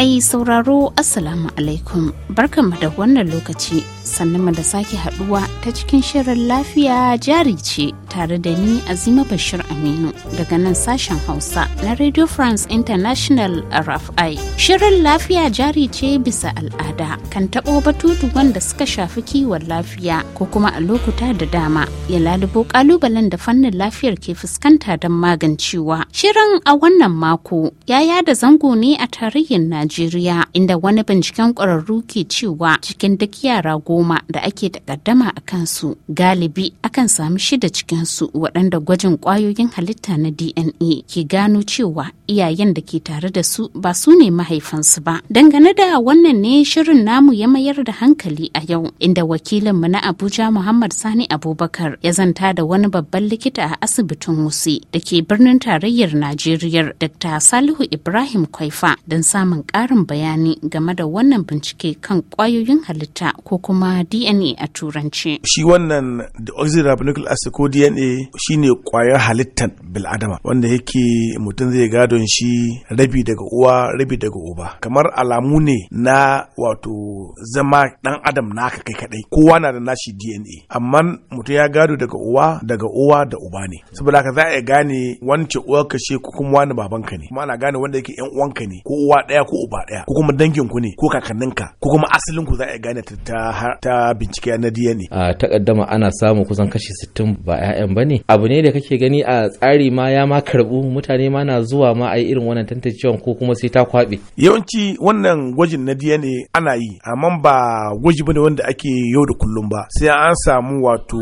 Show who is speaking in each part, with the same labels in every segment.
Speaker 1: Mai sauraro Assalamu alaikum barkanmu da wannan lokaci sannan da sake haduwa ta cikin shirin lafiya jari ce tare da ni azima bashir aminu daga nan sashen hausa na radio france international rfi shirin lafiya jari ce bisa al'ada kan taɓo batutu wanda suka shafi kiwon lafiya ko kuma a lokuta da dama ya lalubo kalubalen da fannin lafiyar ke fuskanta don magancewa shirin a wannan mako ya yada zango ne a tarihin najeriya inda wani binciken ƙwararru ke cewa cikin duk yara goma da ake takaddama a kansu galibi akan samu shida cikinsu waɗanda gwajin ƙwayoyin halitta na dna ke gano cewa iyayen da ke tare da su ba su ne mahaifansu ba dangane da wannan ne shirin namu ya mayar da hankali a yau inda wakilinmu na abuja muhammad sani abubakar ya zanta da wani babban likita a asibitin wuse da ke birnin tarayyar najeriya dr salihu ibrahim kwaifa don samun ƙarin bayani game da wannan bincike kan ƙwayoyin halitta ko kuma DNA a turanci.
Speaker 2: Shi wannan deoxyribonucleic acid ko DNA shine kwayar halittar bil'adama wanda yake mutum zai gadon shi rabi daga uwa rabi daga uba. Kamar alamu ne na wato zama dan adam naka kai kadai. Kowa na da nashi DNA. Amma mutum ya gado daga uwa daga uwa da uba ne. Saboda ka za a gane wance uwarka ce ko kuma wani babanka ne. Kuma ana gane wanda yake yan uwanka ne ko uwa daya ko uba daya ko kuma danginku ne ko kakanninka ko kuma ku za a gane ta ta bincike na DNA. A takaddama ana samu kusan kashi sittin ba 'ya'yan ne. Abu ne da
Speaker 3: kake gani a tsari ma ya ma karbu mutane ma na zuwa ma a yi irin wannan tantancewan ko kuma sai ta
Speaker 2: kwaɓe. Yawanci wannan gwajin na DNA ana yi amma ba gwaji ne wanda ake yau da kullum ba sai an samu wato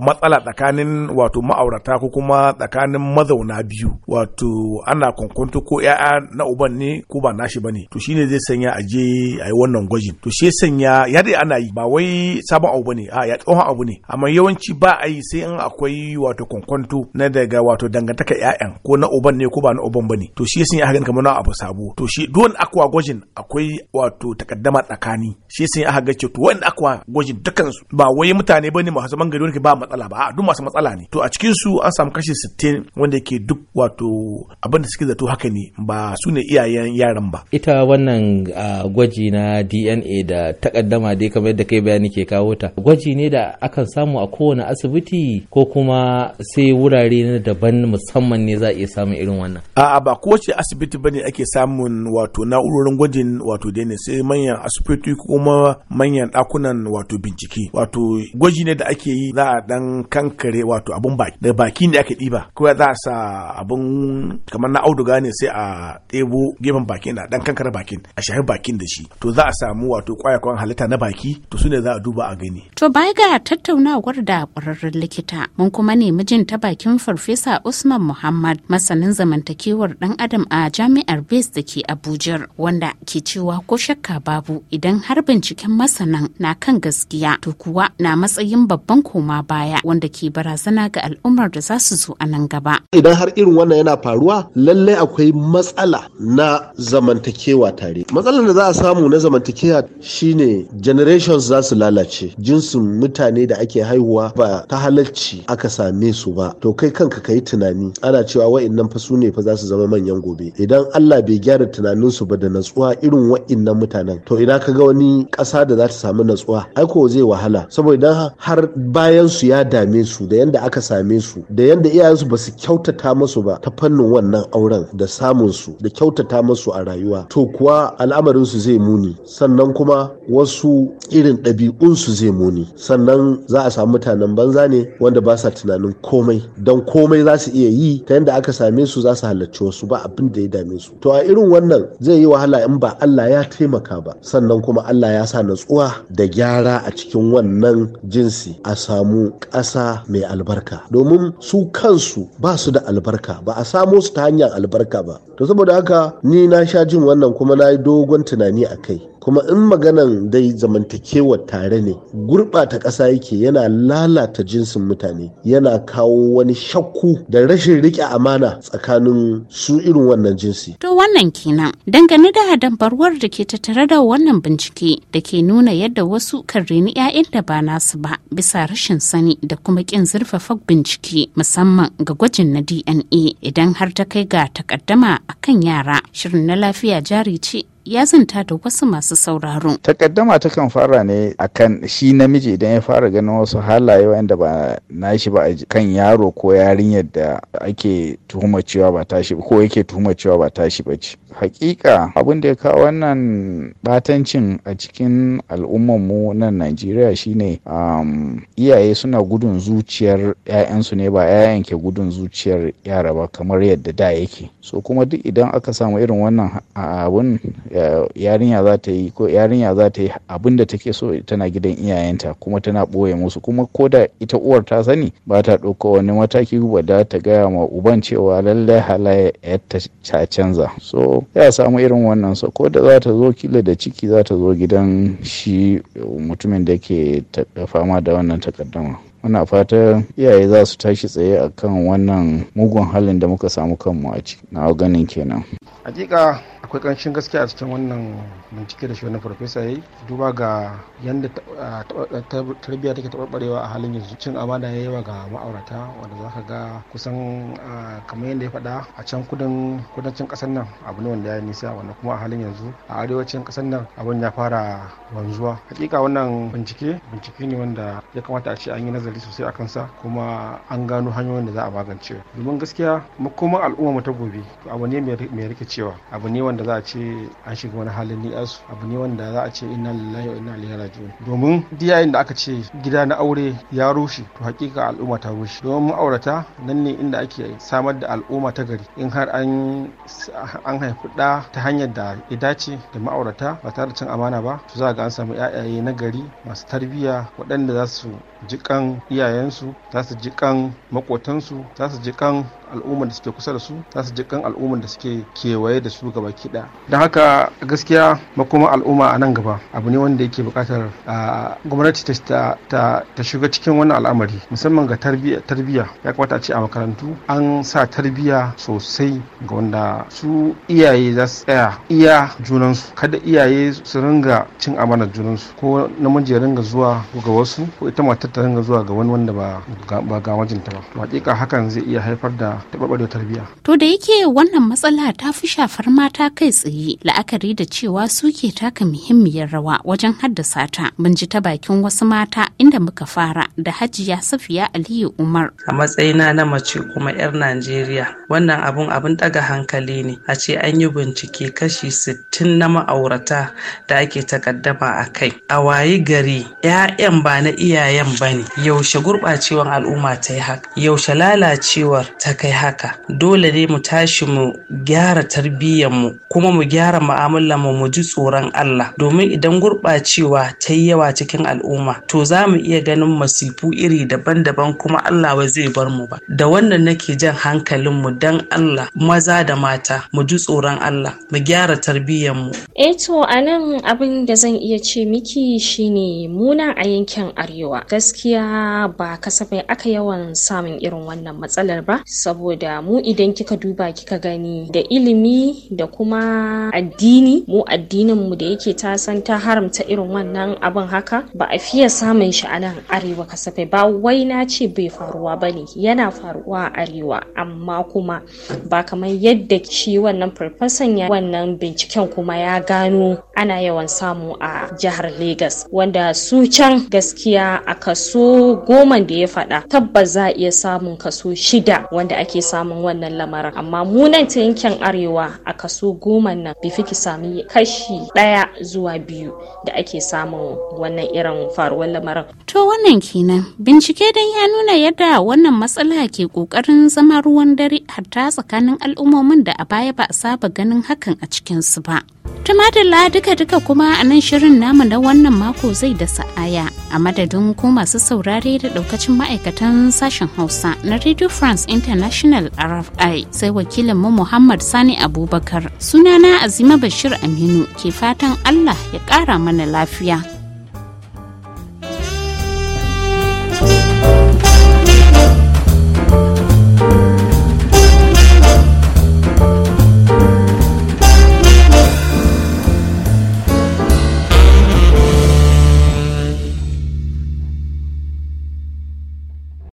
Speaker 2: matsala tsakanin wato ma'aurata ko kuma tsakanin mazauna biyu wato ana kwankwanto ko 'ya'ya na uban ne ko ba nashi ne. to shine zai sanya a je a yi wannan gwajin to shi sanya ya dai ana yi ba wai sabon abu bane a ya tsohon abu ne amma yawanci ba a yi sai in akwai wato kwankwanto na daga wato dangantaka ƴaƴan ko na uban ne ko ba na uban bane to shi sun yi hagan kamar na abu sabo to shi duwan akwa gwajin akwai wato takaddama tsakani shi sun yi aka ce to wanda akwa gwajin dukkan su ba wai mutane bane masu zaman gari wanda ba matsala ba a duk masu matsala ne to a cikin su an samu kashi 60 wanda ke duk wato abin da suke zato haka ne ba su ne iyayen
Speaker 3: yaran ba ita wannan ah, gwaji na DNA da takaddama dai kamar yadda da kai bayani ke kawo ta gwaji ne da akan samu a kowane asibiti ko kuma sai wurare na daban musamman ne za a iya samun irin wannan
Speaker 2: a'a ba kowace asibiti bane ake samun wato na'urorin gwajin wato daina sai manyan asibiti kuma manyan ɗakunan wato bincike wato gwaji ne da ake yi za a dan kankare wato abun baki da baki ne ake ɗiba kuma za a sa abun kamar na auduga ne sai a ɗebo gefen bakin a dan kankare bakin a shahi bakin da shi to za a samu wato kwayakwan halitta na baki to su ne za a duba a gani.
Speaker 1: To baya ga tattaunawar da ƙwararren likita mun kuma ne mijin ta bakin farfesa Usman Muhammad masanin zamantakewar ɗan adam a jami'ar Bes da ke Abuja wanda ke cewa ko shakka babu idan har binciken masanan na kan gaskiya to kuwa na matsayin babban koma baya wanda ke barazana ga al'ummar da za su zo a nan gaba.
Speaker 3: Idan har irin wannan yana faruwa lallai akwai matsala na zamantakewa tare. Matsalar da za a samu na zamantakewa shine generations wasu za su lalace jinsin mutane da ake haihuwa ba ta halarci aka same su ba to kai kanka ka yi tunani ana cewa wa'innan fa su ne fa za su zama manyan gobe idan Allah bai gyara tunanin su ba da natsuwa irin wa'innan mutanen to idan ka ga wani ƙasa da za ta samu natsuwa aiko zai wahala saboda idan har bayan su ya dame su da yanda aka same su da yanda iyayensu su ba su kyautata masu ba ta fannin wannan auren da samun su da kyautata masu a rayuwa to kuwa al'amarin su zai muni sannan kuma wasu irin irin ɗabi'unsu zai muni sannan za a samu mutanen banza ne wanda ba sa tunanin komai don komai za su iya yi ta yadda aka same su za su halarci wasu ba abin da ya dame su to a irin wannan zai yi wahala in ba Allah ya taimaka ba sannan kuma Allah ya sa natsuwa da gyara a cikin wannan jinsi a samu ƙasa mai albarka domin su kansu ba su da albarka ba a samo su ta hanyar albarka ba to saboda haka ni na sha jin wannan kuma na yi dogon tunani a kai kuma in maganan dai zamantakewar tare ne gurɓata ƙasa yake yana lalata jinsin mutane yana kawo wani shakku da rashin riƙe amana tsakanin su irin wannan jinsi
Speaker 1: to wannan kenan dangane da dambarwar da ke tattare da wannan bincike da ke nuna yadda wasu kan reni 'ya'yan da ba nasu ba bisa rashin sani da kuma ƙin zurfafa bincike musamman ga gwajin na dna idan har ta kai ga takaddama akan yara shirin na lafiya jari ce ya zanta da wasu masu sauraro.
Speaker 4: Takaddama ta kan fara ne akan shi namiji idan ya fara ganin wasu halaye wanda ba na shi ba a kan yaro ko yarinyar da ake tuhuma cewa ba tashi ko yake tuhuma cewa ba tashi ba ce. Hakika abin da ya kawo wannan batancin a cikin al'ummar mu na Najeriya shine um, iyaye suna gudun zuciyar 'ya'yansu ne ba 'ya'yan ke gudun zuciyar yara ba kamar yadda da yake. So kuma duk idan aka samu irin wannan abun Eh, yarinya za ta yi ko yarinya za ta yi abin da take so tana gidan iyayenta kuma tana ɓoye musu kuma ko da ita uwar ta sani ba ta ɗauka wani mataki da ta gaya ma uban cewa lallai halaye ta canza so ya samu irin wannan so ko da za ta zo kila da ciki za ta zo gidan shi mutumin da ke fama da wannan takaddama muna fata iyaye za su tashi tsaye a kan wannan mugun halin da muka samu kanmu a ciki na ganin kenan
Speaker 5: hakika akwai ƙanshin gaskiya a cikin wannan bincike da shi wani farfesa ya yi duba ga yadda tarbiyya take taɓarɓarewa a halin yanzu cin amana ya yawa ga ma'aurata wanda za ka ga kusan kamar yadda ya faɗa a can kudancin ƙasar nan abu ne wanda ya nisa wanda kuma a halin yanzu a arewacin ƙasar nan abin ya fara wanzuwa hakika wannan bincike bincike ne wanda ya kamata a ce an yi nazari hankali sosai a kansa kuma an gano hanyoyin da za a magance domin gaskiya makoman al'umma ta gobe abu ne mai cewa abu ne wanda za a ce an shiga wani halin ni'asu abu ne wanda za a ce inna lillahi wa inna ilaihi raji'un domin diyayin da aka ce gida na aure ya rushe to hakika al'umma ta rushe domin ma'aurata nan ne inda ake samar da al'umma ta gari in har an an haifi ɗa ta hanyar da ya dace da ma'aurata ba tare da cin amana ba to za ga an samu 'ya'yaye na gari masu tarbiyya waɗanda za su jikan iyayensu za su jikan makotansu za su jikan al'ummar da suke kusa da su za su ji kan al'ummar da suke kewaye da su gaba kiɗa don haka gaskiya makoma al'umma a nan gaba abu ne wanda yake buƙatar gwamnati ta shiga cikin wannan al'amari musamman ga tarbiyya ya kamata ce a makarantu an sa tarbiyya sosai ga wanda su iyaye za su tsaya iya junansu kada iyaye su ringa cin amanar junansu ko namiji ya ringa zuwa ga wasu ko ita matar ta ringa zuwa ga wani wanda ba ga majinta ba hakika hakan zai iya haifar da tarbiyya.
Speaker 1: To da yake wannan matsala ta fi shafar mata kai tsaye la'akari da cewa su ke taka muhimmiyar rawa wajen haddasa ta. Mun ji ta bakin wasu mata inda muka fara da Hajiya Safiya Aliyu Umar.
Speaker 3: A matsayina na mace kuma 'yar Najeriya wannan abun abun daga hankali ne a ce an yi bincike kashi sittin na ma'aurata da ake takaddama a kai. A waye gari 'ya'yan ba na iyayen ba ne yaushe gurɓacewar al'umma ta yi haka yaushe lalacewar ta kai haka dole ne mu tashi mu gyara tarbiyyar mu kuma mu gyara mu'amalar mu mu ji tsoron Allah domin idan gurɓacewa ta yi yawa cikin al'umma to za mu iya ganin masifu iri daban-daban kuma Allah ba zai bar mu ba da wannan nake jan hankalin mu dan Allah maza da mata mu ji tsoron Allah mu gyara tarbiyyar mu
Speaker 1: eh to anan abin da zan iya ce miki shine muna a yankin arewa gaskiya ba kasafai aka yawan samun irin wannan matsalar ba saboda mu idan kika duba kika gani da ilimi da kuma addini mu addinin mu da yake ta san ta haramta irin wannan abin haka ba a fiye samun shi a nan arewa kasafe ba wai na ce bai faruwa ba ne yana faruwa a arewa amma kuma ba kamar yadda shi wannan farfasan ya wannan binciken kuma ya gano ana yawan samu a jihar Legas wanda su can gaskiya a kaso goma da ya faɗa tabbas za a iya samun kaso shida wanda ake samun wannan lamarin amma munan ta yankin arewa a kaso goma nan bifi ki sami kashi daya zuwa biyu da ake samun wannan irin faruwar lamarin. To wannan kenan bincike dan ya nuna yadda wannan matsala ke kokarin zama ruwan dare hatta tsakanin al'ummomin da a baya ba a saba ganin hakan a cikinsu ba. Tumadala duka-duka kuma a nan shirin namu na wannan mako zai da sa'aya. a madadin ku masu saurare da daukacin ma'aikatan sashen hausa na radio france international rfi sai wakilin mu muhammad sani abubakar sunana azima bashir aminu ke fatan allah ya kara mana lafiya